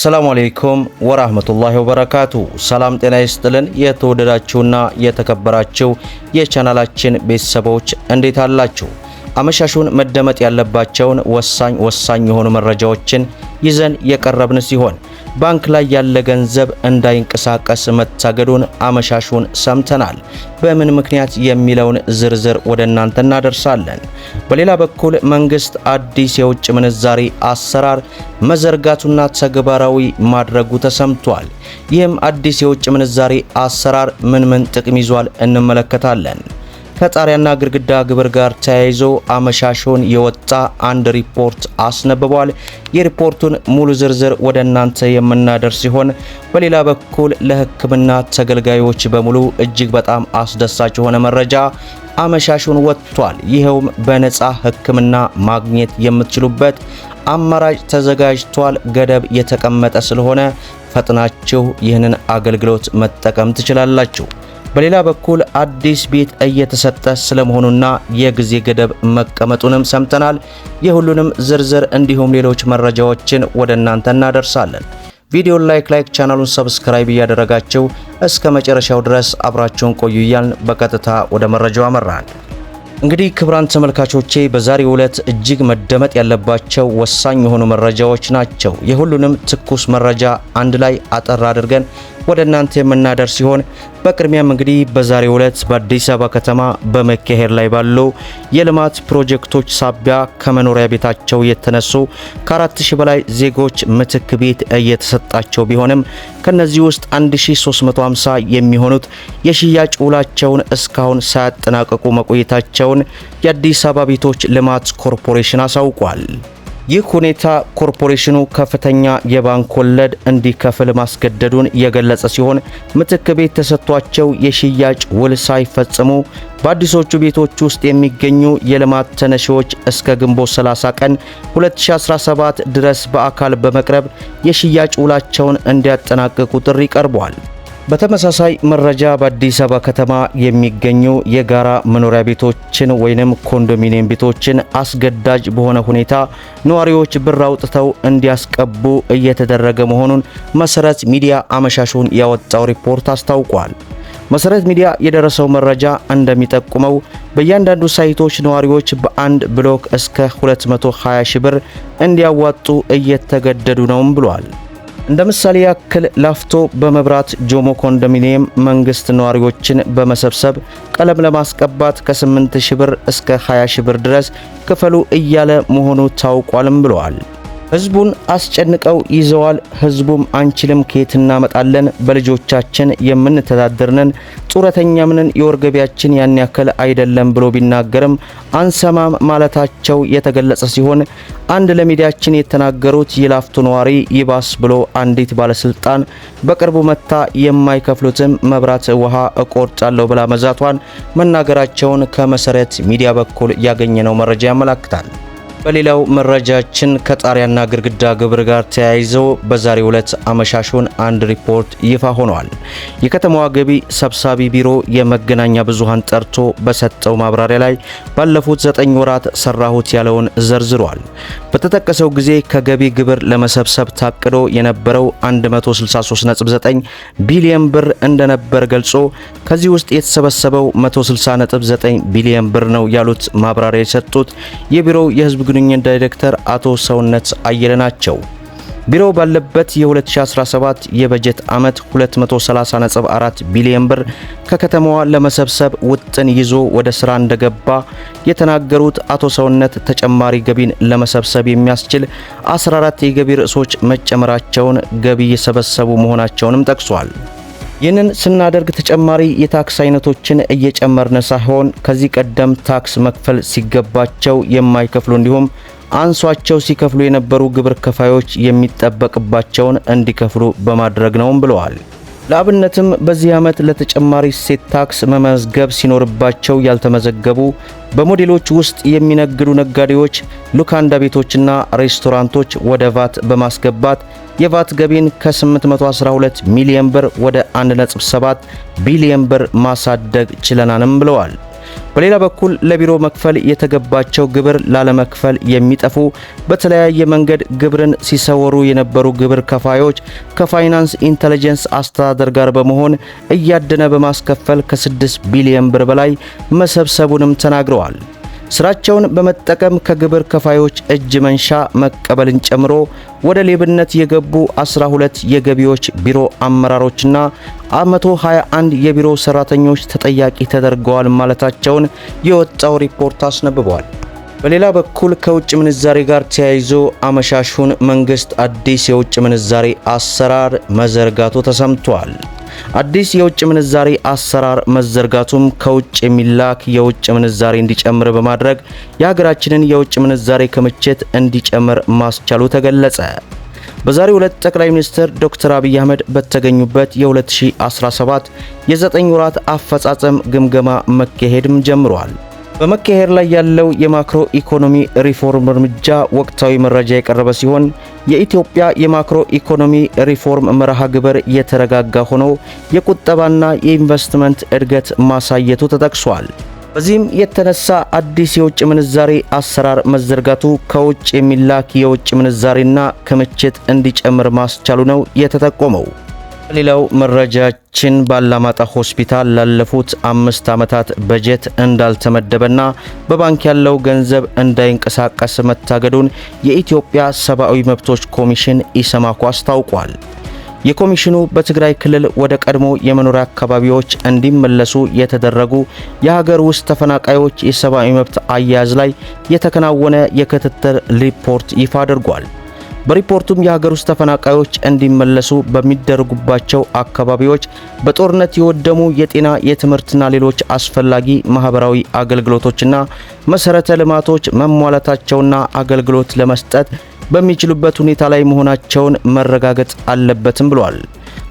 ሰላሙ አሌይኩም ወራህመቱላሂ ወበረካቱ። ሰላም ጤና ይስጥልን። የተወደዳችሁና የተከበራችሁ የቻናላችን ቤተሰቦች እንዴት አላችሁ? አመሻሹን መደመጥ ያለባቸውን ወሳኝ ወሳኝ የሆኑ መረጃዎችን ይዘን የቀረብን ሲሆን ባንክ ላይ ያለ ገንዘብ እንዳይንቀሳቀስ መታገዱን አመሻሹን ሰምተናል። በምን ምክንያት የሚለውን ዝርዝር ወደ እናንተ እናደርሳለን። በሌላ በኩል መንግስት አዲስ የውጭ ምንዛሪ አሰራር መዘርጋቱና ተግባራዊ ማድረጉ ተሰምቷል። ይህም አዲስ የውጭ ምንዛሪ አሰራር ምን ምን ጥቅም ይዟል እንመለከታለን። ከጣሪያና ግድግዳ ግብር ጋር ተያይዞ አመሻሹን የወጣ አንድ ሪፖርት አስነብቧል። የሪፖርቱን ሙሉ ዝርዝር ወደ እናንተ የምናደርስ ሲሆን በሌላ በኩል ለሕክምና ተገልጋዮች በሙሉ እጅግ በጣም አስደሳች የሆነ መረጃ አመሻሹን ወጥቷል። ይኸውም በነፃ ሕክምና ማግኘት የምትችሉበት አማራጭ ተዘጋጅቷል። ገደብ የተቀመጠ ስለሆነ ፈጥናችሁ ይህንን አገልግሎት መጠቀም ትችላላችሁ። በሌላ በኩል አዲስ ቤት እየተሰጠ ስለመሆኑና የጊዜ ገደብ መቀመጡንም ሰምተናል። የሁሉንም ዝርዝር እንዲሁም ሌሎች መረጃዎችን ወደ እናንተ እናደርሳለን። ቪዲዮን ላይክ ላይክ ቻናሉን ሰብስክራይብ እያደረጋችሁ እስከ መጨረሻው ድረስ አብራችሁን ቆዩ እያልን በቀጥታ ወደ መረጃው አመራል። እንግዲህ ክብራን ተመልካቾቼ በዛሬው ዕለት እጅግ መደመጥ ያለባቸው ወሳኝ የሆኑ መረጃዎች ናቸው። የሁሉንም ትኩስ መረጃ አንድ ላይ አጠር አድርገን ወደ እናንተ የምናደር ሲሆን በቅድሚያም እንግዲህ በዛሬው ዕለት በአዲስ አበባ ከተማ በመካሄድ ላይ ባሉ የልማት ፕሮጀክቶች ሳቢያ ከመኖሪያ ቤታቸው የተነሱ ከ4000 በላይ ዜጎች ምትክ ቤት እየተሰጣቸው ቢሆንም ከነዚህ ውስጥ 1350 የሚሆኑት የሽያጭ ውላቸውን እስካሁን ሳያጠናቀቁ መቆየታቸውን የአዲስ አበባ ቤቶች ልማት ኮርፖሬሽን አሳውቋል። ይህ ሁኔታ ኮርፖሬሽኑ ከፍተኛ የባንክ ወለድ እንዲከፍል ማስገደዱን የገለጸ ሲሆን ምትክ ቤት ተሰጥቷቸው የሽያጭ ውል ሳይፈጽሙ በአዲሶቹ ቤቶች ውስጥ የሚገኙ የልማት ተነሺዎች እስከ ግንቦት 30 ቀን 2017 ድረስ በአካል በመቅረብ የሽያጭ ውላቸውን እንዲያጠናቅቁ ጥሪ ቀርቧል። በተመሳሳይ መረጃ በአዲስ አበባ ከተማ የሚገኙ የጋራ መኖሪያ ቤቶችን ወይንም ኮንዶሚኒየም ቤቶችን አስገዳጅ በሆነ ሁኔታ ነዋሪዎች ብር አውጥተው እንዲያስቀቡ እየተደረገ መሆኑን መሰረት ሚዲያ አመሻሹን ያወጣው ሪፖርት አስታውቋል። መሰረት ሚዲያ የደረሰው መረጃ እንደሚጠቁመው በእያንዳንዱ ሳይቶች ነዋሪዎች በአንድ ብሎክ እስከ 220 ሺ ብር እንዲያዋጡ እየተገደዱ ነውም ብሏል። እንደ ምሳሌ ያክል ላፍቶ በመብራት ጆሞ ኮንዶሚኒየም መንግስት ነዋሪዎችን በመሰብሰብ ቀለም ለማስቀባት ከ8 ሺህ ብር እስከ 20 ሺህ ብር ድረስ ክፈሉ እያለ መሆኑ ታውቋልም ብለዋል። ህዝቡን አስጨንቀው ይዘዋል። ህዝቡም አንችልም፣ ከየት እናመጣለን? በልጆቻችን የምንተዳድርንን ጡረተኛ የወር የወርገቢያችን ያን ያክል አይደለም ብሎ ቢናገርም አንሰማም ማለታቸው የተገለጸ ሲሆን አንድ ለሚዲያችን የተናገሩት የላፍቶ ነዋሪ ይባስ ብሎ አንዲት ባለስልጣን በቅርቡ መታ የማይከፍሉትም መብራት፣ ውሃ እቆርጫለሁ ብላ መዛቷን መናገራቸውን ከመሰረት ሚዲያ በኩል ያገኘነው መረጃ ያመላክታል። በሌላው መረጃችን ከጣሪያና ግድግዳ ግብር ጋር ተያይዞ በዛሬው ዕለት አመሻሹን አንድ ሪፖርት ይፋ ሆኗል። የከተማዋ ገቢ ሰብሳቢ ቢሮ የመገናኛ ብዙሃን ጠርቶ በሰጠው ማብራሪያ ላይ ባለፉት ዘጠኝ ወራት ሰራሁት ያለውን ዘርዝሯል። በተጠቀሰው ጊዜ ከገቢ ግብር ለመሰብሰብ ታቅዶ የነበረው 163.9 ቢሊዮን ብር እንደነበር ገልጾ ከዚህ ውስጥ የተሰበሰበው 160.9 ቢሊዮን ብር ነው ያሉት ማብራሪያ የሰጡት የቢሮው የህዝብ ግንኙነት ዳይሬክተር አቶ ሰውነት አየለ ናቸው። ቢሮው ባለበት የ2017 የበጀት ዓመት 230.4 ቢሊዮን ብር ከከተማዋ ለመሰብሰብ ውጥን ይዞ ወደ ስራ እንደገባ የተናገሩት አቶ ሰውነት ተጨማሪ ገቢን ለመሰብሰብ የሚያስችል 14 የገቢ ርዕሶች መጨመራቸውን ገቢ የሰበሰቡ መሆናቸውንም ጠቅሷል። ይህንን ስናደርግ ተጨማሪ የታክስ አይነቶችን እየጨመርን ሳይሆን ከዚህ ቀደም ታክስ መክፈል ሲገባቸው የማይከፍሉ እንዲሁም አንሷቸው ሲከፍሉ የነበሩ ግብር ከፋዮች የሚጠበቅባቸውን እንዲከፍሉ በማድረግ ነውም ብለዋል። ለአብነትም በዚህ ዓመት ለተጨማሪ እሴት ታክስ መመዝገብ ሲኖርባቸው ያልተመዘገቡ በሞዴሎች ውስጥ የሚነግዱ ነጋዴዎች፣ ሉካንዳ ቤቶችና ሬስቶራንቶች ወደ ቫት በማስገባት የቫት ገቢን ከ812 ሚሊዮን ብር ወደ 1.7 ቢሊዮን ብር ማሳደግ ችለናልም ብለዋል። በሌላ በኩል ለቢሮ መክፈል የተገባቸው ግብር ላለመክፈል የሚጠፉ በተለያየ መንገድ ግብርን ሲሰወሩ የነበሩ ግብር ከፋዮች ከፋይናንስ ኢንተለጀንስ አስተዳደር ጋር በመሆን እያደነ በማስከፈል ከ6 ቢሊዮን ብር በላይ መሰብሰቡንም ተናግረዋል። ስራቸውን በመጠቀም ከግብር ከፋዮች እጅ መንሻ መቀበልን ጨምሮ ወደ ሌብነት የገቡ 12 የገቢዎች ቢሮ አመራሮችና 121 የቢሮ ሰራተኞች ተጠያቂ ተደርገዋል ማለታቸውን የወጣው ሪፖርት አስነብቧል። በሌላ በኩል ከውጭ ምንዛሬ ጋር ተያይዞ አመሻሹን መንግስት አዲስ የውጭ ምንዛሬ አሰራር መዘርጋቱ ተሰምቷል። አዲስ የውጭ ምንዛሬ አሰራር መዘርጋቱም ከውጭ የሚላክ የውጭ ምንዛሬ እንዲጨምር በማድረግ የሀገራችንን የውጭ ምንዛሬ ክምችት እንዲጨምር ማስቻሉ ተገለጸ። በዛሬው ዕለት ጠቅላይ ሚኒስትር ዶክተር አብይ አህመድ በተገኙበት የ2017 የዘጠኝ ወራት አፈጻጸም ግምገማ መካሄድም ጀምሯል። በመካሄድ ላይ ያለው የማክሮ ኢኮኖሚ ሪፎርም እርምጃ ወቅታዊ መረጃ የቀረበ ሲሆን የኢትዮጵያ የማክሮ ኢኮኖሚ ሪፎርም መርሃ ግብር የተረጋጋ ሆኖ የቁጠባና የኢንቨስትመንት እድገት ማሳየቱ ተጠቅሷል። በዚህም የተነሳ አዲስ የውጭ ምንዛሬ አሰራር መዘርጋቱ ከውጭ የሚላክ የውጭ ምንዛሬና ክምችት እንዲጨምር ማስቻሉ ነው የተጠቆመው። ሌላው መረጃችን ባላማጣ ሆስፒታል ላለፉት አምስት ዓመታት በጀት እንዳልተመደበና በባንክ ያለው ገንዘብ እንዳይንቀሳቀስ መታገዱን የኢትዮጵያ ሰብአዊ መብቶች ኮሚሽን ኢሰማኮ አስታውቋል። የኮሚሽኑ በትግራይ ክልል ወደ ቀድሞ የመኖሪያ አካባቢዎች እንዲመለሱ የተደረጉ የሀገር ውስጥ ተፈናቃዮች የሰብአዊ መብት አያያዝ ላይ የተከናወነ የክትትል ሪፖርት ይፋ አድርጓል። በሪፖርቱም የሀገር ውስጥ ተፈናቃዮች እንዲመለሱ በሚደረጉባቸው አካባቢዎች በጦርነት የወደሙ የጤና፣ የትምህርትና ሌሎች አስፈላጊ ማህበራዊ አገልግሎቶችና መሰረተ ልማቶች መሟላታቸውና አገልግሎት ለመስጠት በሚችሉበት ሁኔታ ላይ መሆናቸውን መረጋገጥ አለበትም ብሏል።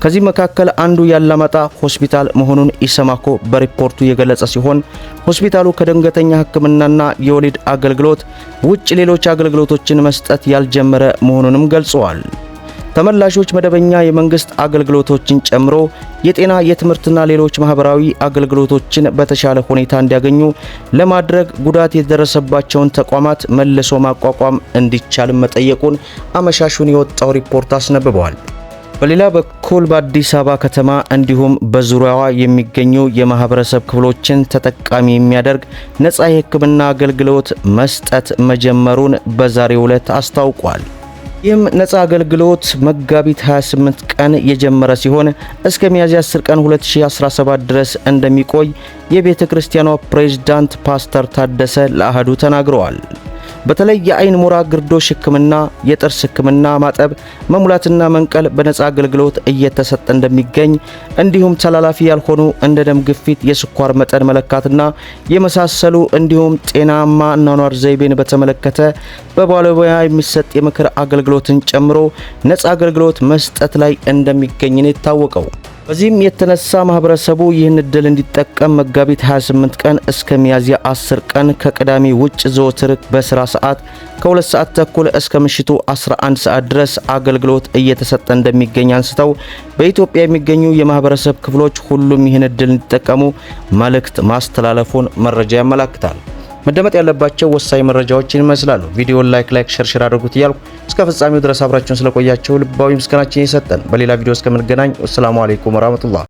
ከዚህ መካከል አንዱ ያላመጣ ሆስፒታል መሆኑን ኢሰማኮ በሪፖርቱ የገለጸ ሲሆን ሆስፒታሉ ከድንገተኛ ሕክምናና የወሊድ አገልግሎት ውጭ ሌሎች አገልግሎቶችን መስጠት ያልጀመረ መሆኑንም ገልጸዋል። ተመላሾች መደበኛ የመንግስት አገልግሎቶችን ጨምሮ የጤና፣ የትምህርትና ሌሎች ማህበራዊ አገልግሎቶችን በተሻለ ሁኔታ እንዲያገኙ ለማድረግ ጉዳት የደረሰባቸውን ተቋማት መልሶ ማቋቋም እንዲቻል መጠየቁን አመሻሹን የወጣው ሪፖርት አስነብበዋል። በሌላ በኩል በአዲስ አበባ ከተማ እንዲሁም በዙሪያዋ የሚገኙ የማህበረሰብ ክፍሎችን ተጠቃሚ የሚያደርግ ነጻ የሕክምና አገልግሎት መስጠት መጀመሩን በዛሬው ዕለት አስታውቋል። ይህም ነፃ አገልግሎት መጋቢት 28 ቀን የጀመረ ሲሆን እስከ ሚያዝያ 10 ቀን 2017 ድረስ እንደሚቆይ የቤተ ክርስቲያኗ ፕሬዝዳንት ፓስተር ታደሰ ለአህዱ ተናግረዋል። በተለይ የአይን ሞራ ግርዶሽ ህክምና የጥርስ ህክምና ማጠብ፣ መሙላትና መንቀል በነፃ አገልግሎት እየተሰጠ እንደሚገኝ እንዲሁም ተላላፊ ያልሆኑ እንደ ደም ግፊት፣ የስኳር መጠን መለካትና የመሳሰሉ እንዲሁም ጤናማ አኗኗር ዘይቤን በተመለከተ በባለሙያ የሚሰጥ የምክር አገልግሎትን ጨምሮ ነፃ አገልግሎት መስጠት ላይ እንደሚገኝ ነው የታወቀው። በዚህም የተነሳ ማህበረሰቡ ይህን እድል እንዲጠቀም መጋቢት 28 ቀን እስከ ሚያዝያ 10 ቀን ከቅዳሜ ውጭ ዘወትር በስራ ሰዓት ከ2 ሰዓት ተኩል እስከ ምሽቱ 11 ሰዓት ድረስ አገልግሎት እየተሰጠ እንደሚገኝ አንስተው በኢትዮጵያ የሚገኙ የማህበረሰብ ክፍሎች ሁሉም ይህን እድል እንዲጠቀሙ መልእክት ማስተላለፉን መረጃ ያመላክታል። መደመጥ ያለባቸው ወሳኝ መረጃዎችን ይመስላሉ። ቪዲዮን ላይክ ላይክ ሸርሸር አድርጉት እያልኩ እስከ ፍጻሜው ድረስ አብራችሁን ስለቆያቸው ልባዊ ምስጋናችን የሰጠን። በሌላ ቪዲዮ እስከምንገናኝ ወሰላሙ አለይኩም ወራህመቱላህ